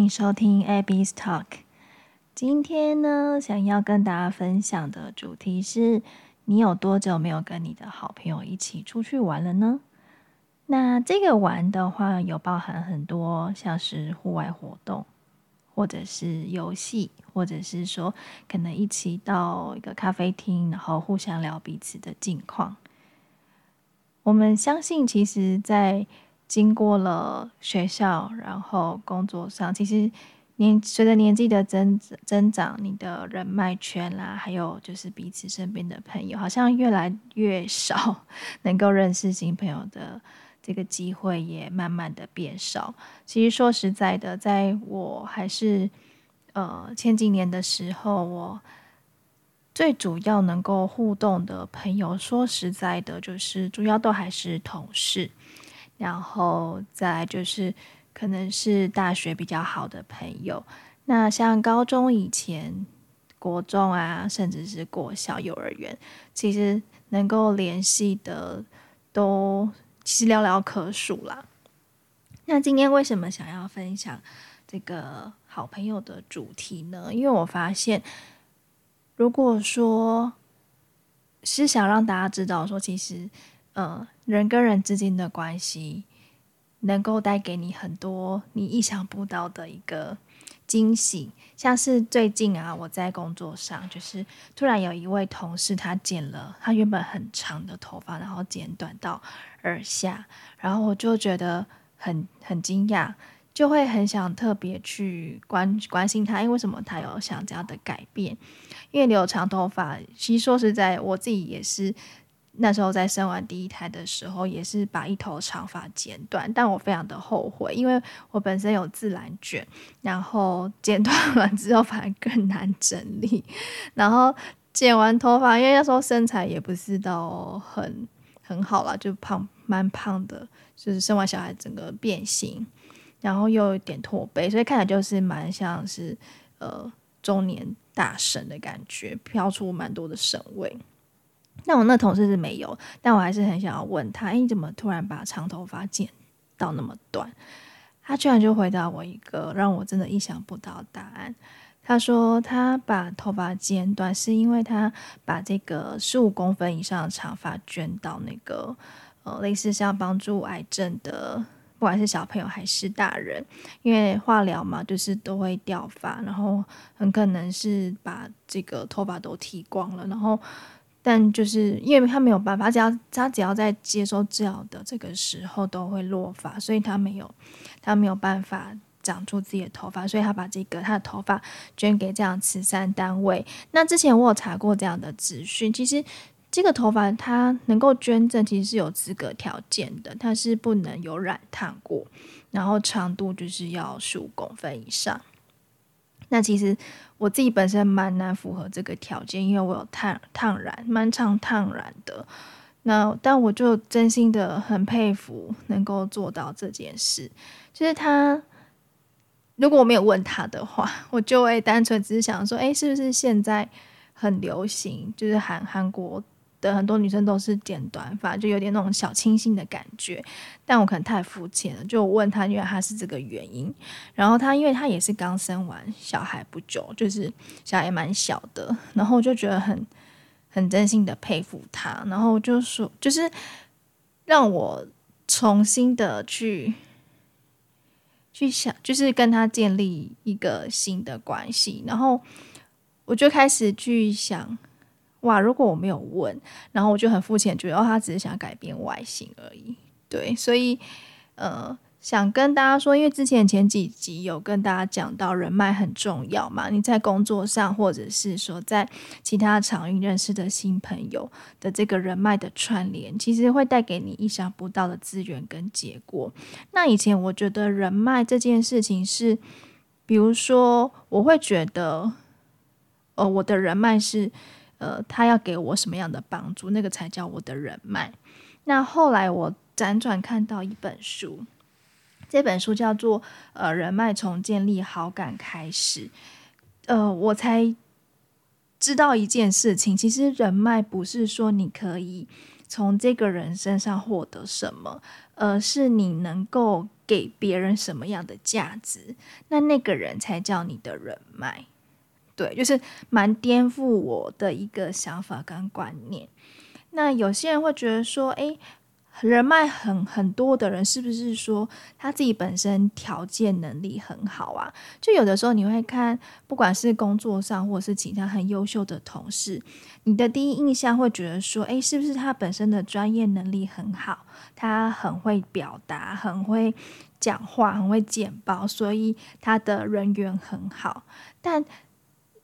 歡迎收聽 Abby's Talk。今天呢，想要跟大家分享的主題是：你有多久沒有跟你的好朋友一起出去玩了呢？那這個玩的話，有包含很多，像是戶外活動，或者是遊戲，或者是說可能一起到一個咖啡廳，然後互相聊彼此的近況。我們相信，其實，在經過了學校，然後工作上，其實年隨着年紀的增增長，你的人脈圈啦，還有就是彼此身邊的朋友，好像越來越少，能夠認識新朋友的這個機會也慢慢的變少。其實說實在的，在我還是呃前幾年的時候，我最主要能夠互動的朋友，說實在的，就是主要都還是同事。然後再就是，可能是大學比較好的朋友。那像高中以前、國中啊，甚至是國小、幼兒園，其實能夠聯繫的都其實寥寥可數啦。那今天為什麼想要分享這個好朋友的主題呢？因為我發現，如果說是想讓大家知道說其實。嗯，人跟人之間的關係能夠帶給你很多你意想不到的一個驚喜。像是最近啊，我在工作上，就是突然有一位同事，他剪了他原本很長的頭髮，然後剪短到耳下，然後我就覺得很很驚訝，就會很想特別去關關心他，因、哎、為什麼？他有想這樣的改變？因為留長頭髮，其實說實在，我自己也是。那時候在生完第一胎的時候，也是把一頭長髮剪短，但我非常的後悔，因為我本身有自然捲，然後剪短完之後反而更難整理。然後剪完頭髮，因為那時候身材也不是到很很好了，就胖蠻胖的，就是生完小孩整個變形，然後又有點駝背，所以看起來就是蠻像是呃中年大嬸的感覺，飄出蠻多的嬸味。那我那同事是沒有，但我還是很想要問他，哎，你怎麼突然把長頭髮剪到那麼短？他居然就回答我一個讓我真的意想不到的答案。他說他把頭髮剪短，是因為他把這個十五公分以上的長髮捐到那個呃類似是要幫助癌症的，不管是小朋友還是大人，因為化療嘛，就是都會掉髮，然後很可能是把這個頭髮都剃光了，然後。但就是因為他沒有辦法，只要他只要在接受治療的這個時候都會落髮，所以他沒有他沒有辦法長出自己的頭髮，所以他把這個他的頭髮捐給這樣的慈善單位。那之前我有查過這樣的資訊，其實這個頭髮它能夠捐贈，其實是有資格條件的，它是不能有染燙過，然後長度就是要十五公分以上。那其實我自己本身蠻難符合這個條件，因為我有燙燙染，蠻常燙染的。那但我就真心的很佩服能夠做到這件事。就是他，如果我沒有問他的話，我就會單純只是想說，哎，是不是現在很流行，就是韓韓國？的很多女生都是剪短髮，就有點那種小清新的感覺。但我可能太膚淺了，就問他，因為他是這個原因。然後他，因為他也是剛生完小孩不久，就是小孩也蠻小的，然後就覺得很很真心的佩服他。然後就說，就是讓我重新的去去想，就是跟他建立一個新的關係。然後我就開始去想。哇！如果我沒有問，然後我就很膚淺，覺得，哦，他只是想改變外形而已。對，所以呃，想跟大家說，因為之前前幾集有跟大家講到人脈很重要嘛，你在工作上，或者是說在其他場域認識的新朋友的這個人脈的串聯，其實會帶給你意想不到的資源跟結果。那以前我覺得人脈這件事情是，比如說我會覺得，呃，我的人脈是。呃，他要給我什麼樣的幫助，那個才叫我的人脈。那後來我輾轉看到一本書，這本書叫做呃，《人脈從建立好感開始》。呃，我才知道一件事情，其實人脈不是說你可以從這個人身上獲得什麼，而，呃，是你能夠給別人什麼樣的價值，那那個人才叫你的人脈。對，就是蠻顛覆我的一個想法跟觀念。那有些人會覺得說，誒，人脈很很多的人，是不是說他自己本身條件能力很好啊？就有的時候你會看，不管是工作上或是其他很優秀的同事，你的第一印象會覺得說，誒，是不是他本身的專業能力很好，他很會表達，很會講話，很會簡報，所以他的人緣很好，但。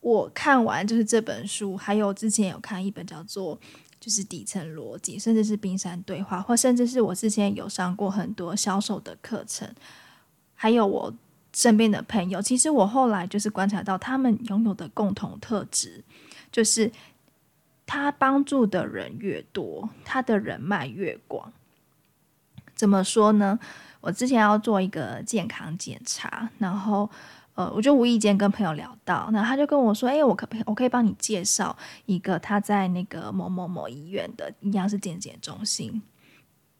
我看完就是這本書，還有之前有看一本叫做就是《底層邏輯》，甚至是冰山對話，或甚至是我之前有上過很多銷售的課程，還有我身邊的朋友，其實我後來就是觀察到他們擁有的共同特質，就是他幫助的人越多，他的人脈越廣。怎麼說呢？我之前要做一個健康檢查，然後。呃，我就無意間跟朋友聊到，那他就跟我說：“誒、欸，我可我可以幫你介紹一個他在那個某某某醫院的，一樣是健檢中心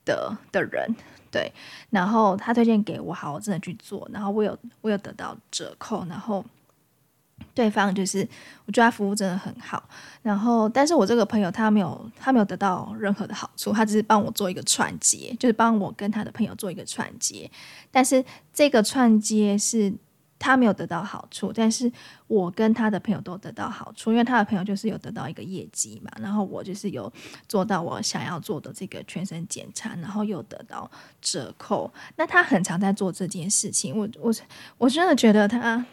的的人，對。然後他推薦給我，好，我真的去做，然後我有我有得到折扣，然後對方就是我覺得他服務真的很好，然後但是我這個朋友他沒有他沒有得到任何的好處，他只是幫我做一個串接，就是幫我跟他的朋友做一個串接，但是這個串接是。他沒有得到好處，但是我跟他的朋友都有得到好處，因為他的朋友就是有得到一個業績嘛，然後我就是有做到我想要做的這個全身檢查，然後又得到折扣。那他很常在做這件事情，我我我真的覺得他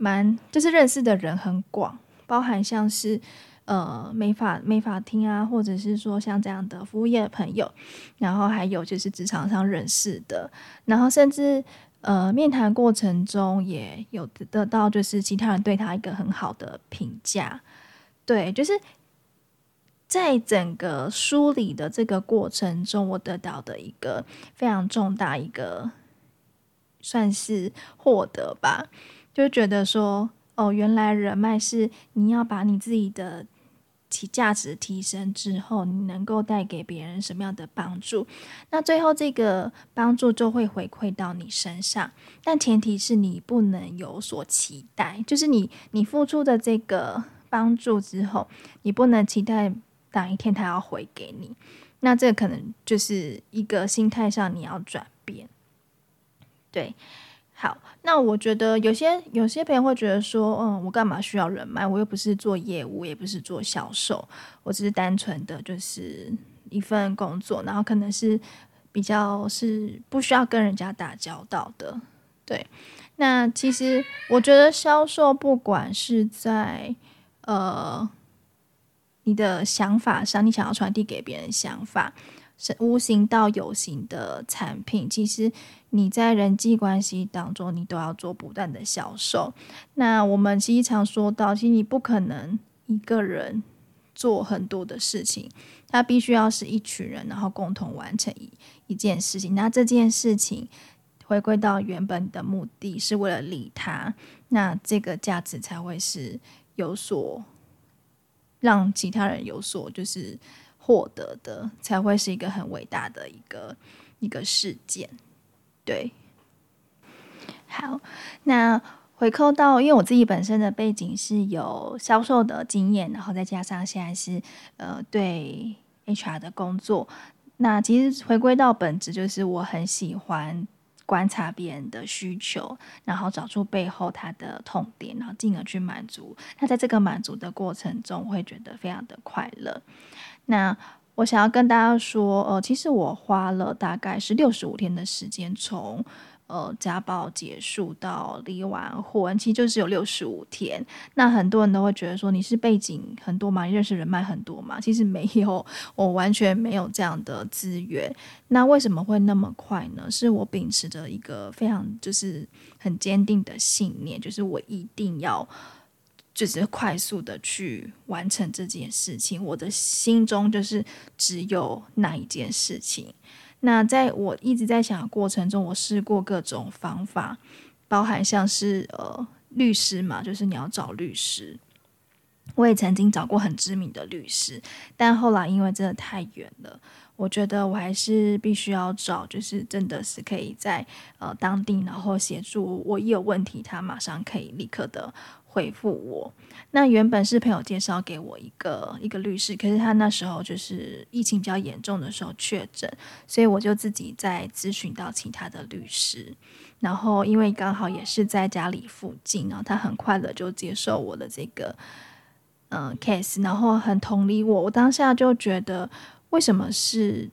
蠻就是認識的人很廣，包含像是呃美髮美髮廳啊，或者是說像這樣的服務業的朋友，然後還有就是職場上認識的，然後甚至。呃，面談過程中也有得得到，就是其他人對他一個很好的評價，對，就是在整個梳理的這個過程中，我得到的一個非常重大一個算是獲得吧，就覺得說，哦，原來人脈是你要把你自己的。其價值提升之後，你能夠帶給別人什麼樣的幫助？那最後這個幫助就會回饋到你身上，但前提是你不能有所期待，就是你你付出的這個幫助之後，你不能期待哪一天他要回給你，那這可能就是一個心態上你要轉變，對。好，那我覺得有些有些朋友會覺得說，嗯，我幹嘛需要人脈？我又不是做業務，也不是做銷售，我只是單純的，就是一份工作，然後可能是比較是不需要跟人家打交道的。對，那其實我覺得銷售不管是在呃你的想法上，你想要傳遞給別人想法。無形到有形的產品，其實你在人際關係當中，你都要做不斷的銷售。那我們其實常說到，其實你不可能一個人做很多的事情，他必須要是一群人，然後共同完成一一件事情。那這件事情回歸到原本的目的是為了利他，那這個價值才會是有所讓其他人有所就是。獲得的才會是一個很偉大的一個一個事件，對。好，那回扣到，因為我自己本身的背景是有銷售的經驗，然後再加上現在是呃對 HR 的工作，那其實回歸到本質，就是我很喜歡觀察別人的需求，然後找出背後他的痛點，然後進而去滿足。那在這個滿足的過程中，會覺得非常的快樂。那我想要跟大家說，呃，其實我花了大概是六十五天的時間從，從呃家暴結束到離完婚，其實就是有六十五天。那很多人都會覺得說，你是背景很多嘛，你認識人脈很多嘛，其實沒有，我完全沒有這樣的資源。那為什麼會那麼快呢？是我秉持着一個非常就是很堅定的信念，就是我一定要。就是快速的去完成這件事情，我的心中就是只有那一件事情。那在我一直在想的過程中，我試過各種方法，包含像是呃律師嘛，就是你要找律師。我也曾經找過很知名的律師，但後來因為真的太遠了，我覺得我還是必須要找，就是真的是可以在呃當地，然後協助我一有問題，他馬上可以立刻的。回復我，那原本是朋友介紹給我一個一個律師，可是他那時候就是疫情比較嚴重的時候確診，所以我就自己再諮詢到其他的律師，然後因為剛好也是在家裡附近，然後他很快的就接受我的這個嗯、呃、case，然後很同理我，我當下就覺得為什麼是。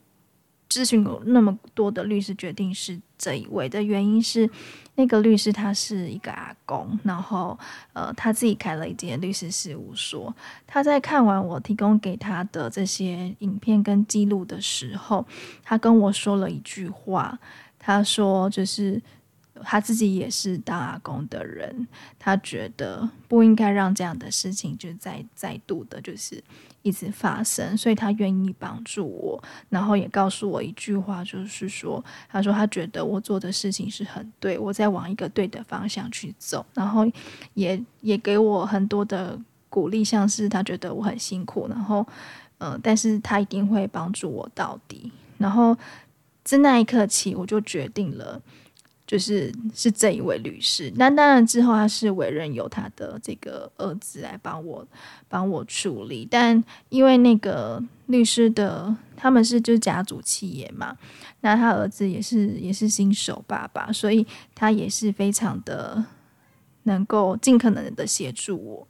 諮詢過那麼多的律師，決定是這一位的原因是，那個律師他是一個阿公，然後呃他自己開了一間律師事務所。他在看完我提供給他的這些影片跟記錄的時候，他跟我說了一句話，他說就是他自己也是當阿公的人，他覺得不應該讓這樣的事情就再再度的，就是。一直發生，所以他願意幫助我，然後也告訴我一句話，就是說，他說他覺得我做的事情是很對，我在往一個對的方向去走，然後也也給我很多的鼓勵，像是他覺得我很辛苦，然後嗯、呃，但是他一定會幫助我到底。然後自那一刻起，我就決定了。就是是這一位律師，那當然之後他是委任由他的這個兒子來幫我幫我處理，但因為那個律師的他們是就家族企業嘛，那他兒子也是也是新手爸爸，所以他也是非常的能夠盡可能的協助我，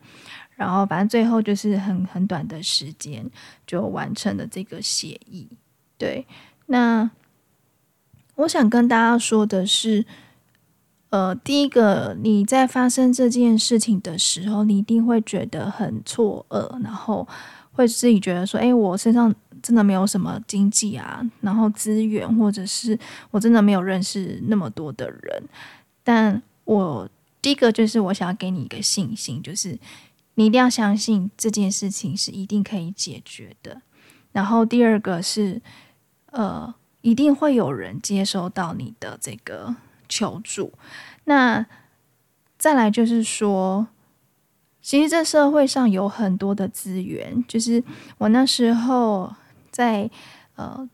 然後反正最後就是很很短的時間就完成了這個協議，對，那。我想跟大家說的是，呃，第一個你在發生這件事情的時候，你一定會覺得很錯愕，然後會自己覺得說：“誒，我身上真的沒有什麼經濟啊，然後資源，或者是我真的沒有認識那麼多的人。”但我第一個就是我想要給你一個信心，就是你一定要相信這件事情是一定可以解決的。然後第二個是，呃。一定會有人接收到你的這個求助。那再來就是說，其實這社會上有很多的資源，就是我那時候在，呃，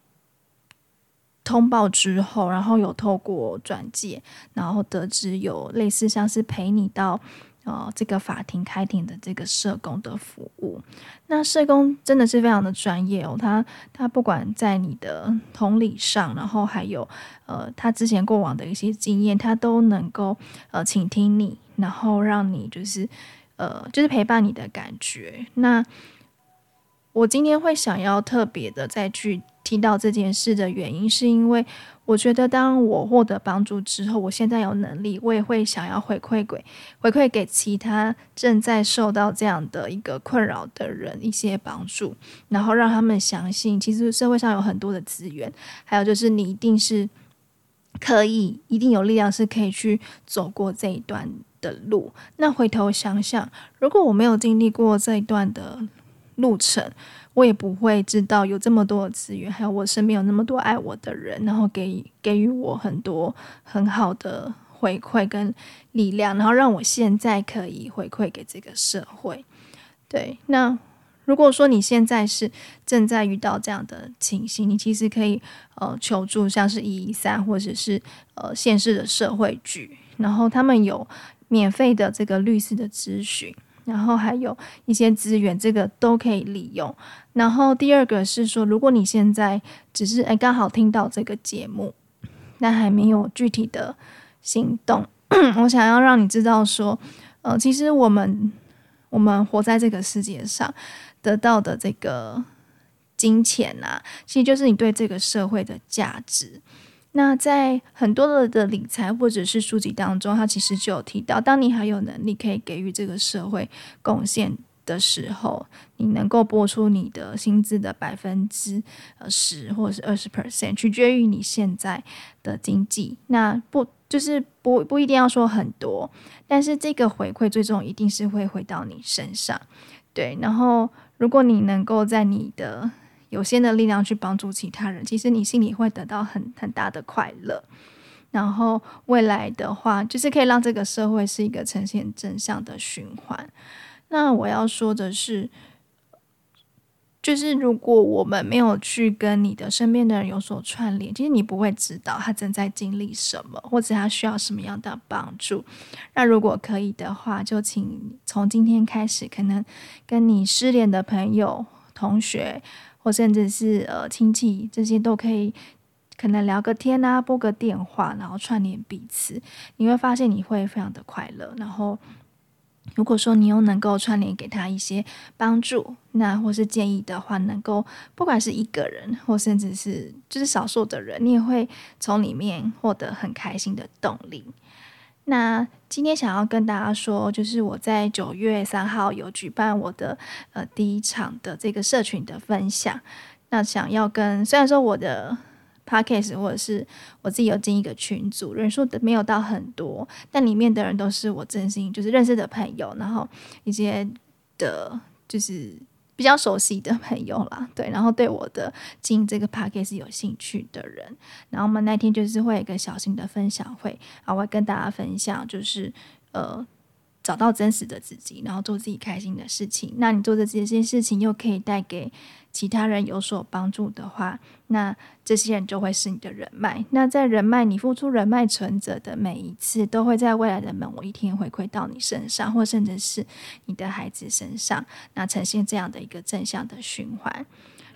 通報之後，然後有透過轉介，然後得知有類似像是陪你到。呃，這個法庭開庭的這個社工的服務，那社工真的是非常的專業哦。他他不管在你的同理上，然後還有呃，他之前過往的一些經驗，他都能夠呃傾聽你，然後讓你就是呃就是陪伴你的感覺。那我今天會想要特別的再去。提到這件事的原因，是因為我覺得當我獲得幫助之後，我現在有能力，我也會想要回饋給回饋給其他正在受到這樣的一個困擾的人一些幫助，然後讓他們相信，其實社會上有很多的資源，還有就是你一定是可以，一定有力量是可以去走過這一段的路。那回頭想想，如果我沒有經歷過這一段的，路程，我也不會知道有這麼多的資源，還有我身邊有那麼多愛我的人，然後給給予我很多很好的回饋跟力量，然後讓我現在可以回饋給這個社會。對，那如果說你現在是正在遇到這樣的情形，你其實可以呃求助，像是一一三或者是呃縣市的社會局，然後他們有免費的這個律師的諮詢。然後還有一些資源，這個都可以利用。然後第二個是說，如果你現在只是誒，剛好聽到這個節目，但還沒有具體的行動， 我想要讓你知道說，呃，其實我們我們活在這個世界上得到的這個金錢啊，其實就是你對這個社會的價值。那在很多的理財或者是書籍當中，它其實就有提到，當你還有能力可以給予這個社會貢獻的時候，你能夠撥出你的薪資的百分之呃十或者是二十 percent，取決於你現在的經濟。那不就是不不一定要說很多，但是這個回饋最終一定是會回到你身上，對。然後如果你能夠在你的有限的力量去幫助其他人，其實你心裡會得到很很大的快樂。然後未來的話，就是可以讓這個社會是一個呈現正向的循環。那我要說的是，就是如果我們沒有去跟你的身邊的人有所串聯，其實你不會知道他正在經歷什麼，或者他需要什麼樣的幫助。那如果可以的話，就請從今天開始，可能跟你失聯的朋友、同學。或甚至是呃親戚，這些都可以，可能聊個天啊，撥個電話，然後串聯彼此，你會發現你會非常的快樂。然後，如果說你又能夠串聯給他一些幫助，那或是建議的話，能夠不管是一個人，或甚至是就是少數的人，你也會從裡面獲得很開心的動力。那今天想要跟大家說，就是我在九月三號有舉辦我的呃第一場的這個社群的分享。那想要跟雖然說我的 podcast 或者是我自己有進一個群組，人數的沒有到很多，但裡面的人都是我真心就是認識的朋友，然後一些的就是比較熟悉的朋友啦，對，然後對我的經營這個 p a d c a s t 有興趣的人，然後我們那天就是會有一個小型的分享會，啊，我跟大家分享就是，呃。找到真實的自己，然後做自己開心的事情。那你做的這些事情又可以帶給其他人有所幫助的話，那這些人就會是你的人脈。那在人脈，你付出人脈存摺的每一次，都會在未來的某一天回饋到你身上，或甚至是你的孩子身上，那呈現這樣的一個正向的循環。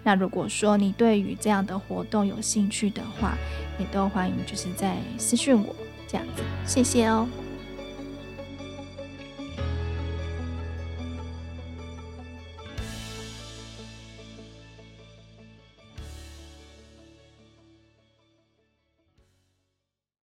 那如果說你對於這樣的活動有興趣的話，也都歡迎，就是在私訊我這樣子，謝謝哦。